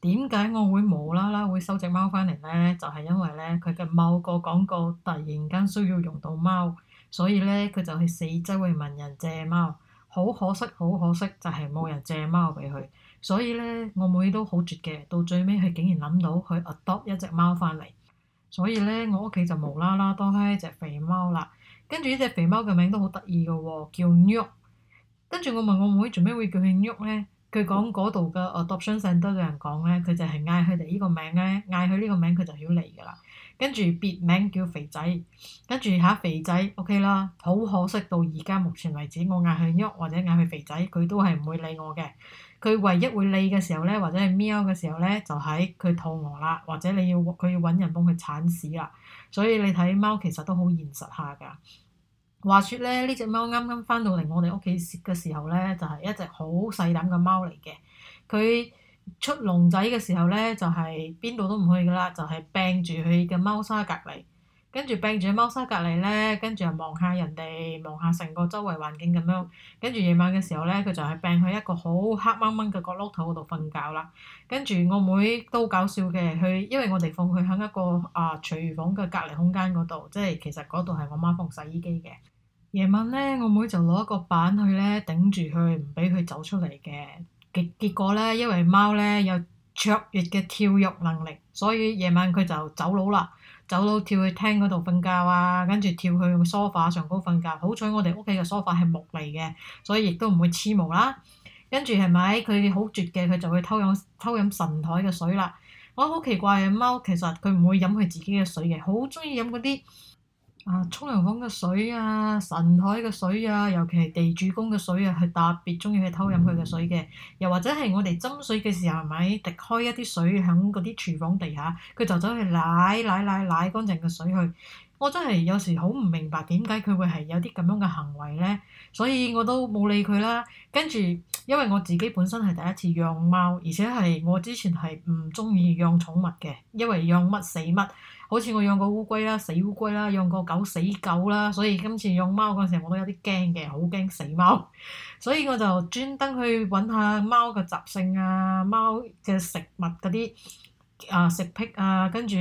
點解我會無啦啦會收隻貓翻嚟咧？就係因為咧佢嘅某個廣告突然間需要用到貓，所以咧佢就去四周圍問人借貓。好可惜，好可惜，就係冇人借貓俾佢。所以咧，我妹都好絕嘅，到最尾佢竟然諗到去 adopt 一隻貓翻嚟。所以咧，我屋企就無啦啦多開一隻肥貓啦。跟住呢隻肥貓嘅名都好得意嘅喎，叫玉。跟住我問我妹做咩會叫佢玉咧？佢講嗰度嘅，Adoption Centre 嘅人講咧，佢就係嗌佢哋呢個名咧，嗌佢呢個名佢就要嚟噶啦。跟住別名叫肥仔，跟住吓肥仔，OK 啦。好可惜到而家目前為止，我嗌佢喐或者嗌佢肥仔，佢都係唔會理我嘅。佢唯一會理嘅時候咧，或者係喵嘅時候咧，就喺、是、佢肚餓啦，或者你要佢要揾人幫佢鏟屎啦。所以你睇貓其實都好現實下㗎。話說咧，呢隻貓啱啱翻到嚟我哋屋企嘅時候咧，就係一隻好細膽嘅貓嚟嘅。佢出籠仔嘅時候咧，就係邊度都唔去噶啦，就係病住佢嘅貓砂隔離。跟住瞓住喺貓砂隔離咧，跟住又望下人哋，望下成個周圍環境咁樣。跟住夜晚嘅時候咧，佢就係瞓喺一個好黑掹掹嘅角落頭度瞓覺啦。跟住我妹都搞笑嘅，佢因為我哋放佢喺一個啊廚房嘅隔離空間嗰度，即係其實嗰度係我媽放洗衣機嘅。夜晚咧，我妹就攞一個板去咧頂住佢，唔俾佢走出嚟嘅。結結果咧，因為貓咧有卓越嘅跳躍能力，所以夜晚佢就走佬啦。走佬跳去廳嗰度瞓覺啊，跟住跳去梳化上高瞓覺。好彩我哋屋企嘅梳化係木嚟嘅，所以亦都唔會黐毛啦。跟住係咪佢好絕嘅？佢就會偷飲偷飲神台嘅水啦。我好奇怪啊，貓其實佢唔會飲佢自己嘅水嘅，好中意飲嗰啲。啊！沖涼房嘅水啊，神台嘅水啊，尤其係地主公嘅水啊，係特別中意去偷飲佢嘅水嘅。又或者係我哋斟水嘅時候，係咪滴開一啲水響嗰啲廚房地下，佢就走去舐舐舐舐乾淨嘅水去。我真係有時好唔明白點解佢會係有啲咁樣嘅行為咧。所以我都冇理佢啦。跟住，因為我自己本身係第一次養貓，而且係我之前係唔中意養寵物嘅，因為養乜死乜。好似我養過烏龜啦、死烏龜啦，養過狗死狗啦，所以今次養貓嗰陣時我，我都有啲驚嘅，好驚死貓，所以我就專登去揾下貓嘅習性啊、貓嘅食物嗰啲啊，食癖啊，跟住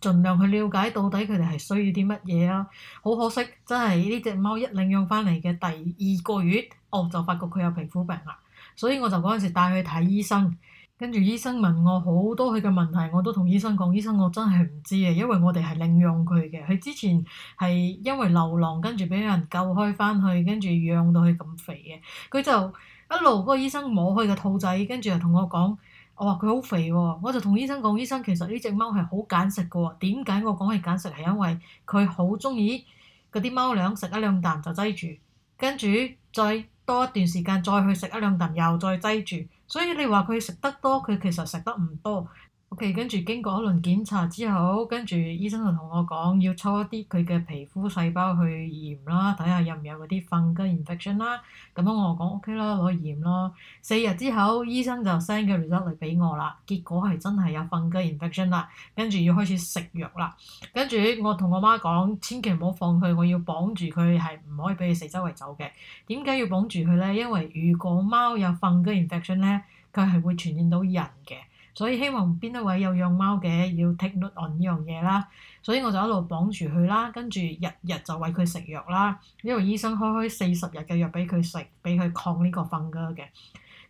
盡量去了解到底佢哋係需要啲乜嘢啊。好可惜，真係呢隻貓一領養翻嚟嘅第二個月，我就發覺佢有皮膚病啦，所以我就嗰陣時帶佢去睇醫生。跟住醫生問我好多佢嘅問題，我都同醫生講。醫生，我真係唔知啊，因為我哋係領養佢嘅。佢之前係因為流浪，跟住俾人救開翻去，跟住養到佢咁肥嘅。佢就一路嗰個醫生摸佢嘅兔仔，跟住又同我講：我話佢好肥喎、哦。我就同醫生講：醫生，其實呢隻貓係好揀食㗎喎。點解我講係揀食係因為佢好中意嗰啲貓糧，食一兩啖就擠住，跟住再多一段時間再去食一兩啖，又再擠住。所以你話佢食得多，佢其實食得唔多。O.K.，跟住經過一輪檢查之後，跟住醫生就同我講，要抽一啲佢嘅皮膚細胞去驗啦，睇下有唔有嗰啲 fungal infection 啦。咁樣我講 O.K. 啦，攞驗咯。四日之後，醫生就 send 嘅 result 嚟俾我啦。結果係真係有 fungal infection 啦，跟住要開始食藥啦。跟住我同我媽講，千祈唔好放佢，我要綁住佢，係唔可以俾佢四周圍走嘅。點解要綁住佢咧？因為如果貓有 fungal infection 咧，佢係會傳染到人嘅。所以希望邊一位有養貓嘅要 take note on 呢樣嘢啦，所以我就一路綁住佢啦，跟住日日就餵佢食藥啦，因為醫生開開四十日嘅藥俾佢食，俾佢抗呢個瞓嘅嘅。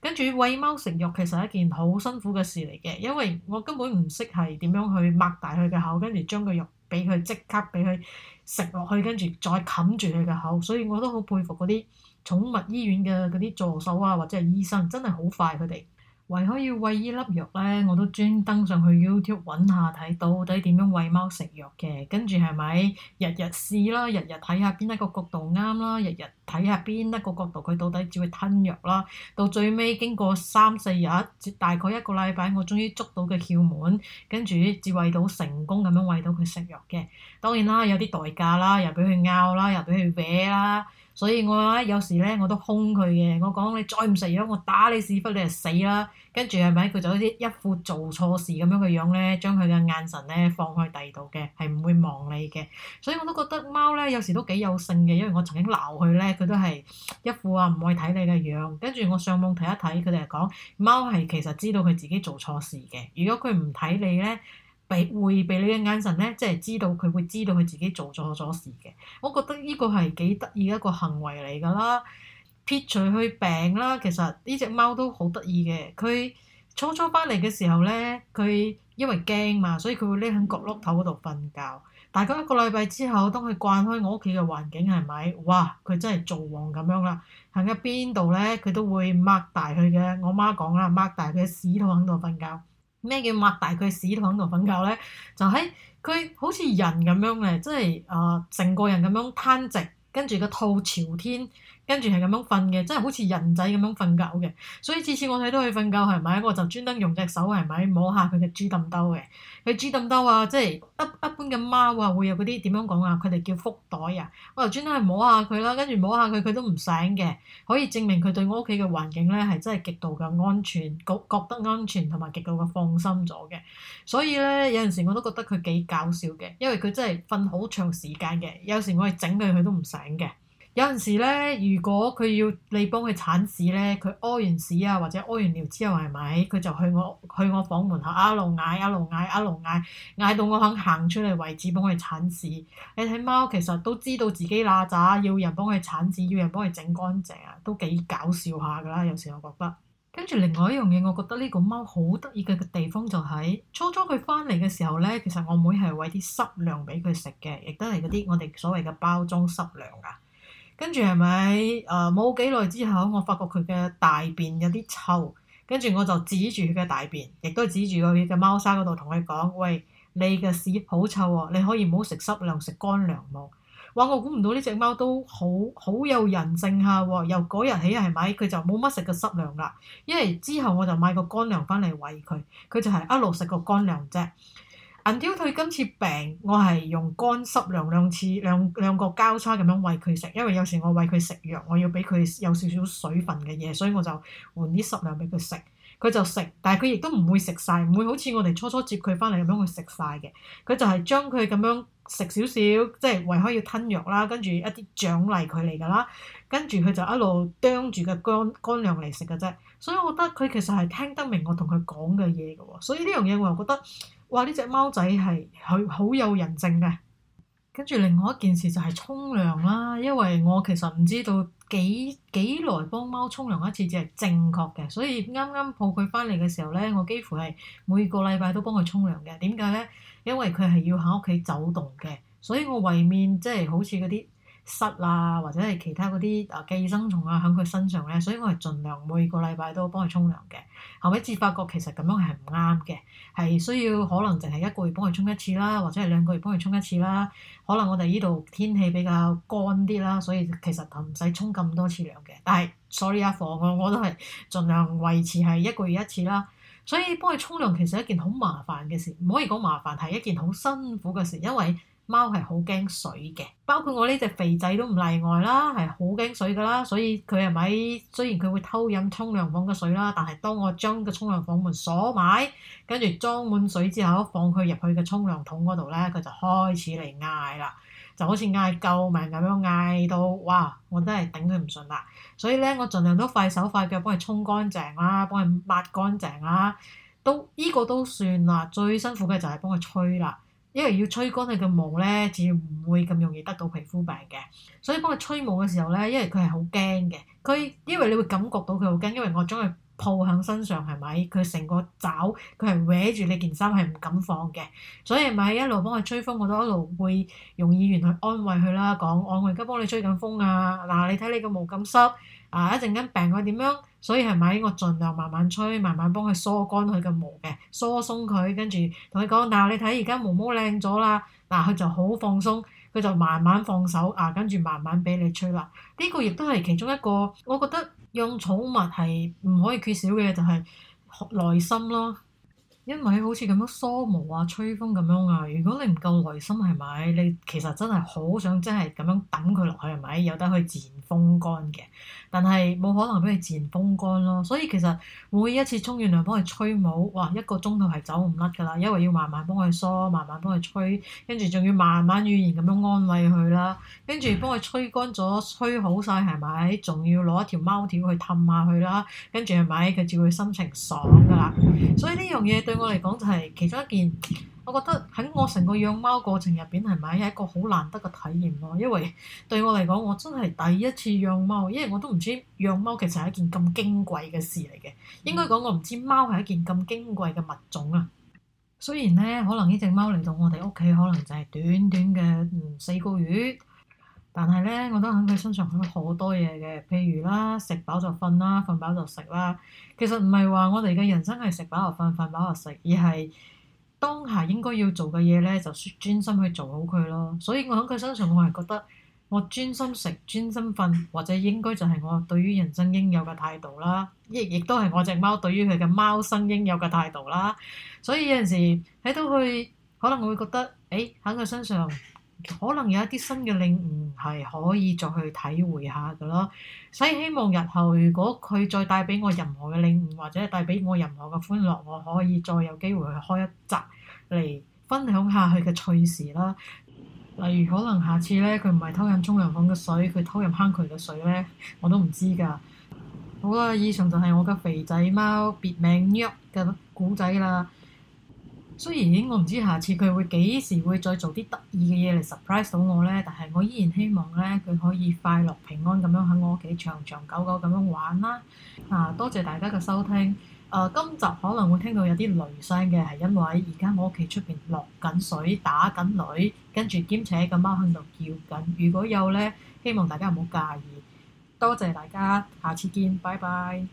跟住餵貓食藥其實係一件好辛苦嘅事嚟嘅，因為我根本唔識係點樣去擘大佢嘅口，跟住將個藥俾佢即刻俾佢食落去，跟住再冚住佢嘅口，所以我都好佩服嗰啲寵物醫院嘅嗰啲助手啊，或者係醫生，真係好快佢、啊、哋。為可以餵呢粒藥咧，我都專登上去 YouTube 揾下睇，到底點樣餵貓食藥嘅。跟住係咪日日試啦，日日睇下邊一個角度啱啦，日日睇下邊一個角度佢到底只會吞藥啦。到最尾經過三四日，大概一個禮拜，我終於捉到個竅門，跟住只餵到成功咁樣餵到佢食藥嘅。當然啦，有啲代價啦，又畀佢拗啦，又畀佢搲啦。所以我咧有時咧我都兇佢嘅，我講，你再唔食藥，我打你屎忽你就死啦！跟住係咪佢就好似一副做錯事咁樣嘅樣咧，將佢嘅眼神咧放喺第二度嘅，係唔會望你嘅。所以我都覺得貓咧有時都幾有性嘅，因為我曾經鬧佢咧，佢都係一副話唔去睇你嘅樣。跟住我上網睇一睇，佢哋係講貓係其實知道佢自己做錯事嘅，如果佢唔睇你咧。被會被你嘅眼神咧，即係知道佢會知道佢自己做錯咗事嘅。我覺得呢個係幾得意一個行為嚟㗎啦。撇除佢病啦，其實呢隻貓都好得意嘅。佢初初翻嚟嘅時候咧，佢因為驚嘛，所以佢會匿喺角落頭嗰度瞓覺。大概一個禮拜之後，當佢慣開我屋企嘅環境係咪？哇！佢真係做王咁樣啦。行入邊度咧，佢都會擘大佢嘅。我媽講啦，擘大佢嘅屎都喺度瞓覺。咩叫擘大佢屎都桶同瞓覺咧？就喺、是、佢好似人咁樣嘅，即係啊，成、呃、個人咁樣攤直，跟住個肚朝天。跟住係咁樣瞓嘅，真係好似人仔咁樣瞓覺嘅。所以次次我睇到佢瞓覺係咪，我就專登用隻手係咪摸下佢嘅豬凳兜嘅。佢豬凳兜啊，即係一一般嘅貓啊，會有嗰啲點樣講啊？佢哋叫腹袋啊。我就專登去摸下佢啦，跟住摸下佢，佢都唔醒嘅。可以證明佢對我屋企嘅環境咧，係真係極度嘅安全，覺覺得安全同埋極度嘅放心咗嘅。所以咧，有陣時我都覺得佢幾搞笑嘅，因為佢真係瞓好長時間嘅。有時我係整佢，佢都唔醒嘅。有陣時咧，如果佢要你幫佢鏟屎咧，佢屙完屎啊，或者屙完尿之後係咪佢就去我去我房門口，一路嗌，一路嗌，一路嗌，嗌到我肯行出嚟為止幫佢鏟屎。你睇貓其實都知道自己嗱咋，要人幫佢鏟屎，要人幫佢整乾淨啊，都幾搞笑下㗎啦。有時候我覺得跟住另外一樣嘢，我覺得呢個貓好得意嘅地方就係初初佢翻嚟嘅時候咧，其實我妹係餵啲濕糧俾佢食嘅，亦都係嗰啲我哋所謂嘅包裝濕糧啊。跟住係咪？誒冇幾耐之後，我發覺佢嘅大便有啲臭，跟住我就指住佢嘅大便，亦都指住佢嘅貓砂嗰度，同佢講：「喂，你嘅屎好臭喎，哦，你可以唔好食濕糧，食乾糧冇。哇！我估唔到呢隻貓都好好有人性下、啊、喎、呃。由嗰日起係咪佢就冇乜食過濕糧啦？因為之後我就買個乾糧翻嚟餵佢，佢就係一路食個乾糧啫。銀雕佢今次病，我係用乾濕糧兩次兩兩個交叉咁樣餵佢食，因為有時我餵佢食藥，我要俾佢有少少水分嘅嘢，所以我就換啲濕糧俾佢食。佢就食，但係佢亦都唔會食晒，唔會好似我哋初初接佢翻嚟咁樣佢食晒嘅。佢就係將佢咁樣食少少，即係餵開要吞藥啦，跟住一啲獎勵佢嚟㗎啦，跟住佢就一路啄住個乾乾糧嚟食㗎啫。所以我覺得佢其實係聽得明我同佢講嘅嘢嘅喎，所以呢樣嘢我又覺得，哇！呢隻貓仔係好好有人性嘅。跟住另外一件事就係沖涼啦，因為我其實唔知道幾幾耐幫貓沖涼一次只係正確嘅，所以啱啱抱佢返嚟嘅時候咧，我幾乎係每個禮拜都幫佢沖涼嘅。點解咧？因為佢係要喺屋企走動嘅，所以我為免即係、就是、好似嗰啲。虱啊，或者係其他嗰啲啊寄生蟲啊，喺佢身上咧，所以我係盡量每個禮拜都幫佢沖涼嘅。後尾至發覺其實咁樣係唔啱嘅，係需要可能淨係一個月幫佢沖一次啦，或者係兩個月幫佢沖一次啦。可能我哋呢度天氣比較乾啲啦，所以其實就唔使沖咁多次涼嘅。但係 sorry 啊，火我我都係盡量維持係一個月一次啦。所以幫佢沖涼其實一件好麻煩嘅事，唔可以講麻煩係一件好辛苦嘅事，因為貓係好驚水嘅，包括我呢隻肥仔都唔例外啦，係好驚水㗎啦。所以佢係咪雖然佢會偷飲沖涼房嘅水啦，但係當我將個沖涼房門鎖埋，跟住裝滿水之後放佢入去嘅沖涼桶嗰度咧，佢就開始嚟嗌啦，就好似嗌救命咁樣嗌到，哇！我真係頂佢唔順啦。所以咧，我盡量都快手快腳幫佢沖乾淨啦，幫佢抹乾淨啦，都依、呢個都算啦。最辛苦嘅就係幫佢吹啦。因為要吹乾佢嘅毛咧，至唔會咁容易得到皮膚病嘅，所以幫佢吹毛嘅時候咧，因為佢係好驚嘅，佢因為你會感覺到佢好驚，因為我將佢抱喺身上係咪？佢成個爪佢係搲住你件衫係唔敢放嘅，所以咪一路幫佢吹風，我都一路會用語言去安慰佢啦，講我而家幫你吹緊風啊，嗱、啊、你睇你個毛咁濕。啊！一陣間病佢點樣，所以係咪我儘量慢慢吹，慢慢幫佢梳乾佢嘅毛嘅，梳鬆佢，跟住同佢講嗱，你睇而家毛毛靚咗啦，嗱、啊、佢就好放鬆，佢就慢慢放手啊，跟住慢慢俾你吹啦。呢、這個亦都係其中一個，我覺得養寵物係唔可以缺少嘅就係、是、耐心咯，因為好似咁樣梳毛啊、吹風咁樣啊，如果你唔夠耐心係咪？你其實真係好想真係咁樣抌佢落去係咪？由得佢自然風乾嘅。但係冇可能俾佢自然風乾咯，所以其實每一次沖完涼幫佢吹毛，哇，一個鐘頭係走唔甩噶啦，因為要慢慢幫佢梳，慢慢幫佢吹，跟住仲要慢慢語言咁樣安慰佢啦，跟住幫佢吹乾咗，吹好晒，係咪？仲要攞一條貓條去氹下佢啦，跟住係咪佢照佢心情爽噶啦？所以呢樣嘢對我嚟講就係其中一件。我覺得喺我成個養貓過程入邊係咪係一個好難得嘅體驗咯、啊，因為對我嚟講，我真係第一次養貓，因為我都唔知養貓其實係一件咁矜貴嘅事嚟嘅。應該講我唔知貓係一件咁矜貴嘅物種啊。雖然咧，可能呢隻貓嚟到我哋屋企可能就係短短嘅四個月，但係咧我都喺佢身上學好多嘢嘅，譬如啦，食飽就瞓啦，瞓飽就食啦。其實唔係話我哋嘅人生係食飽就瞓，瞓飽就食，而係～當下應該要做嘅嘢咧，就專心去做好佢咯。所以我喺佢身上，我係覺得我專心食、專心瞓，或者應該就係我對於人生應有嘅態度啦。亦亦都係我隻貓對於佢嘅貓生應有嘅態度啦。所以有陣時喺到佢，可能我會覺得，誒喺佢身上。可能有一啲新嘅領悟係可以再去體會下㗎咯，所以希望日後如果佢再帶俾我任何嘅領悟，或者帶俾我任何嘅歡樂，我可以再有機會去開一集嚟分享下佢嘅趣事啦。例如可能下次咧，佢唔係偷飲沖涼房嘅水，佢偷飲坑渠嘅水咧，我都唔知㗎。好啦，以上就係我嘅肥仔貓別名郁嘅古仔啦。雖然我唔知下次佢會幾時會再做啲得意嘅嘢嚟 surprise 到我呢，但係我依然希望呢，佢可以快樂平安咁樣喺我屋企長長久久咁樣玩啦。啊，多謝大家嘅收聽。呃，今集可能會聽到有啲雷聲嘅，係因為而家我屋企出邊落緊水打緊雷，跟住兼且個貓喺度叫緊。如果有呢，希望大家唔好介意。多謝大家，下次見，拜拜。